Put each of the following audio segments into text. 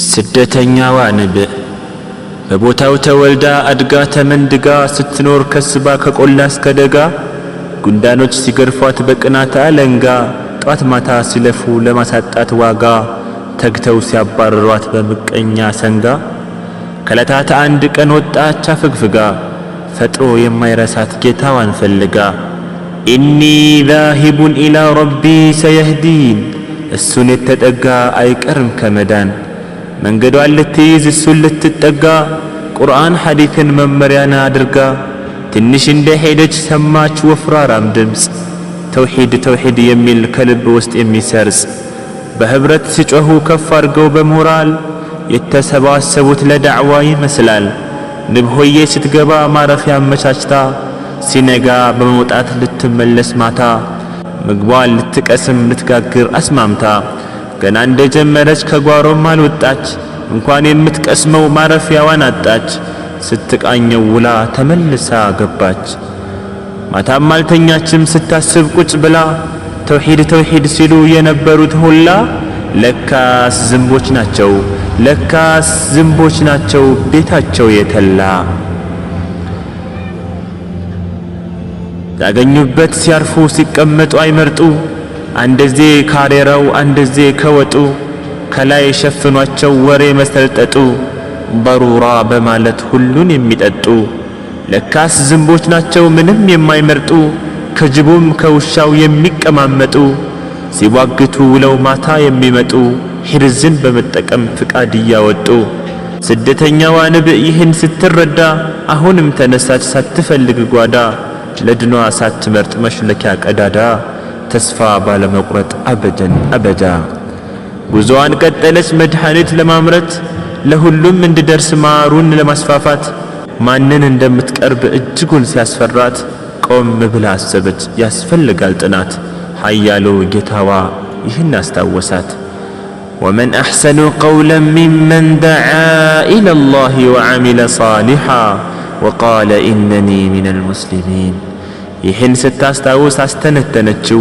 ስደተኛዋ ንብ በቦታው ተወልዳ አድጋ ተመንድጋ ስትኖር ከስባ ከቆላ እስከ ደጋ ጉንዳኖች ሲገርፏት በቅናት አለንጋ ጧት ማታ ሲለፉ ለማሳጣት ዋጋ ተግተው ሲያባረሯት በምቀኛ ሰንጋ ከለታት አንድ ቀን ወጣች አፍግፍጋ ፈጥሮ የማይረሳት ጌታዋን ፈልጋ ኢኒ ዛሂቡን ኢላ ረቢ ሰየህዲን እሱን የተጠጋ አይቀርም ከመዳን መንገዷን ልትይዝ እሱን ልትጠጋ ቁርአን ሐዲትን መመሪያን አድርጋ ትንሽ እንደ ሄደች ሰማች ወፍራራም ድምፅ ተውሂድ ተውሂድ የሚል ከልብ ውስጥ የሚሰርጽ በኅብረት ሲጮኹ ከፍ አድርገው በሞራል የተሰባሰቡት ለዳዕዋ ይመስላል። ንብሆዬ ስትገባ ማረፊያ አመቻችታ ሲነጋ በመውጣት ልትመለስ ማታ ምግቧን ልትቀስም ልትጋግር አስማምታ ገና እንደ ጀመረች ከጓሮም አልወጣች፣ እንኳን የምትቀስመው ማረፊያዋን አጣች። ስትቃኘው ውላ ተመልሳ ገባች። ማታም አልተኛችም ስታስብ ቁጭ ብላ ተውሂድ ተውሂድ ሲሉ የነበሩት ሁላ ለካስ ዝንቦች ናቸው፣ ለካስ ዝንቦች ናቸው ቤታቸው የተላ ያገኙበት ሲያርፉ ሲቀመጡ አይመርጡ አንደዜ ካሬራው አንደዜ ከወጡ ከላይ ሸፍኗቸው ወሬ መሰልጠጡ በሩራ በማለት ሁሉን የሚጠጡ ለካስ ዝንቦች ናቸው ምንም የማይመርጡ ከጅቡም ከውሻው የሚቀማመጡ ሲዋግቱ ውለው ማታ የሚመጡ ሂርዝን በመጠቀም ፍቃድ እያወጡ ስደተኛዋ ንብዕ ይህን ስትረዳ አሁንም ተነሳች ሳትፈልግ ጓዳ ለድኗ ሳትመርጥ መሽለኪያ ቀዳዳ ተስፋ ባለመቁረጥ አበደን አበዳ ጉዞዋን ቀጠለች። መድኃኒት ለማምረት ለሁሉም እንዲደርስ ማሩን ለማስፋፋት ማንን እንደምትቀርብ እጅጉን ሲያስፈራት ቆም ብላ አሰበች። ያስፈልጋል ጥናት ኃያሉ ጌታዋ ይህን አስታወሳት። ወመን አሕሰኑ ቀውለን ሚመን ደዓ ኢለላህ ወዓሚለ ሳሊሓ ወቃለ ኢነኒ ሚነል ሙስሊሚን። ይህን ስታስታውስ አስተነተነችው።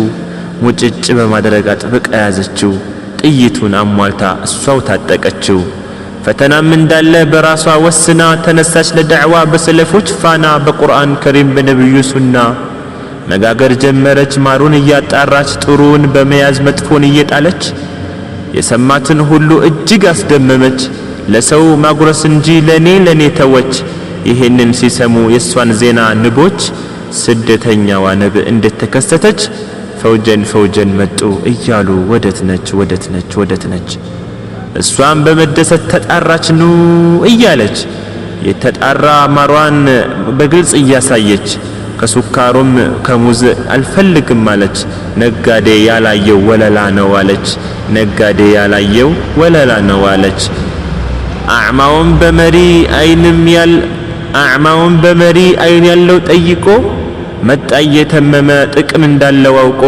ሙጭጭ በማድረግ አጥብቃ ያዘችው። ጥይቱን አሟልታ እሷው ታጠቀችው። ፈተናም እንዳለ በራሷ ወስና ተነሳች ለዳዕዋ በሰለፎች ፋና በቁርአን ከሪም በነቢዩ ሱና መጋገር ጀመረች ማሩን እያጣራች ጥሩውን በመያዝ መጥፎን እየጣለች የሰማትን ሁሉ እጅግ አስደመመች። ለሰው ማጉረስ እንጂ ለኔ ለኔ ተወች። ይህንን ሲሰሙ የእሷን ዜና ንቦች ስደተኛዋ ነብ እንድትከሰተች ፈውጀን ፈውጀን መጡ እያሉ ወደት ነች ወደት ነች ወደት ነች። እሷም በመደሰት ተጣራች ኑ እያለች የተጣራ ማሯን በግልጽ እያሳየች ከሱካሩም ከሙዝ አልፈልግም አለች። ነጋዴ ያላየው ወለላ ነው አለች። ነጋዴ ያላየው ወለላ ነው አለች። አዕማውን በመሪ አይንም ያል አዕማውን በመሪ አይን ያለው ጠይቆ መጣ እየተመመ ጥቅም እንዳለው አውቆ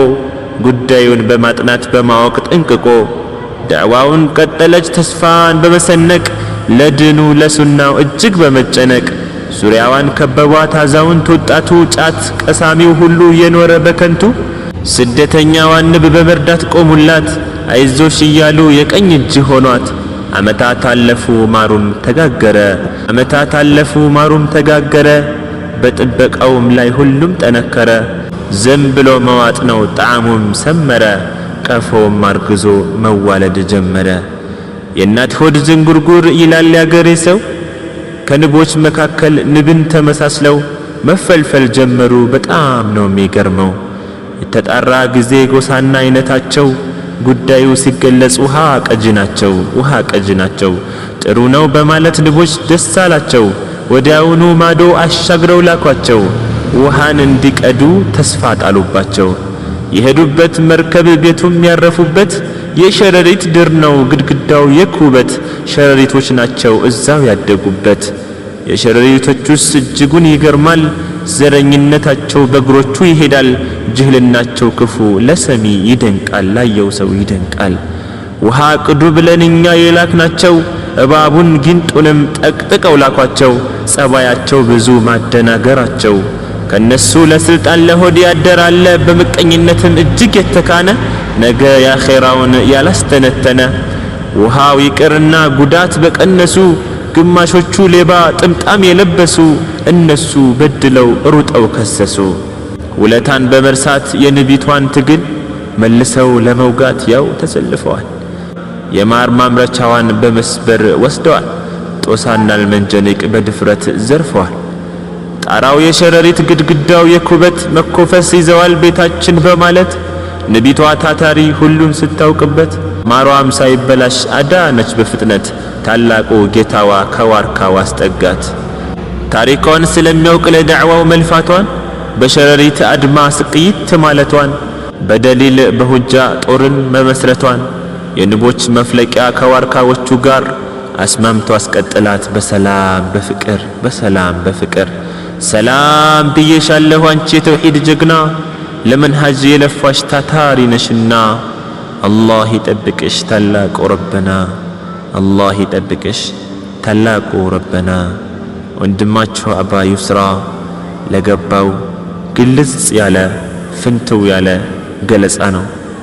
ጉዳዩን በማጥናት በማወቅ ጠንቅቆ ዳዕዋውን ቀጠለች ተስፋን በመሰነቅ ለድኑ ለሱናው እጅግ በመጨነቅ ዙሪያዋን ከበቧት አዛውንት ወጣቱ ጫት ቀሳሚው ሁሉ የኖረ በከንቱ ስደተኛዋን ንብ በመርዳት ቆሙላት አይዞሽ እያሉ የቀኝ እጅ ሆኗት። ዓመታት አለፉ ማሩም ተጋገረ ዓመታት አለፉ ማሩም ተጋገረ በጥበቃውም ላይ ሁሉም ጠነከረ። ዝም ብሎ መዋጥ ነው ጣዕሙም ሰመረ፣ ቀፎውም አርግዞ መዋለድ ጀመረ። የእናት ሆድ ዝንጉርጉር ይላል ያገሬ ሰው፣ ከንቦች መካከል ንብን ተመሳስለው መፈልፈል ጀመሩ። በጣም ነው የሚገርመው የተጣራ ጊዜ ጎሳና አይነታቸው ጉዳዩ ሲገለጽ ውሃ ቀጂ ናቸው፣ ውሃ ቀጂ ናቸው። ጥሩ ነው በማለት ንቦች ደስ አላቸው። ወዲያውኑ ማዶ አሻግረው ላኳቸው። ውሃን እንዲቀዱ ተስፋ ጣሉባቸው። የሄዱበት መርከብ ቤቱም ያረፉበት የሸረሪት ድር ነው ግድግዳው የኩበት ሸረሪቶች ናቸው እዛው ያደጉበት። የሸረሪቶቹስ እጅጉን ይገርማል። ዘረኝነታቸው በእግሮቹ ይሄዳል። ጅህልናቸው ክፉ ለሰሚ ይደንቃል፣ ላየው ሰው ይደንቃል። ውሃ ቅዱ ብለን እኛ የላክናቸው እባቡን ጊንጡንም ጠቅጥቀው ላኳቸው። ጸባያቸው ብዙ ማደናገራቸው ከነሱ ለስልጣን ለሆድ ያደራለ በምቀኝነትም እጅግ የተካነ ነገ ያኼራውን ያላስተነተነ ውሃው ይቅርና ጉዳት በቀነሱ ግማሾቹ ሌባ ጥምጣም የለበሱ እነሱ በድለው ሩጠው ከሰሱ። ውለታን በመርሳት የንቢቷን ትግል መልሰው ለመውጋት ያው ተሰልፈዋል። የማር ማምረቻዋን በመስበር ወስደዋል። ጦሳና አልመንጀኔቅ በድፍረት ዘርፈዋል። ጣራው የሸረሪት ግድግዳው የኩበት መኮፈስ ይዘዋል ቤታችን በማለት ንቢቷ ታታሪ ሁሉን ስታውቅበት ማሯም ሳይበላሽ አዳነች በፍጥነት ታላቁ ጌታዋ ከዋርካው አስጠጋት። ታሪኳን ስለሚያውቅ ለዳዕዋው መልፋቷን በሸረሪት አድማ ስቅይት ማለቷን በደሊል በሁጃ ጦርን መመስረቷን የንቦች መፍለቂያ ከዋርካዎቹ ጋር አስማምቶ አስቀጥላት። በሰላም በፍቅር በሰላም በፍቅር ሰላም ብዬሻለሁ አንቺ የተውሒድ ጀግና ለመንሃጅ የለፋሽ ታታሪ ነሽና አላህ ይጠብቅሽ ታላቁ ረበና አላህ ይጠብቅሽ ታላቁ ረበና። ወንድማችሁ አባ ዩስራ ለገባው ግልጽ ያለ ፍንትው ያለ ገለጻ ነው።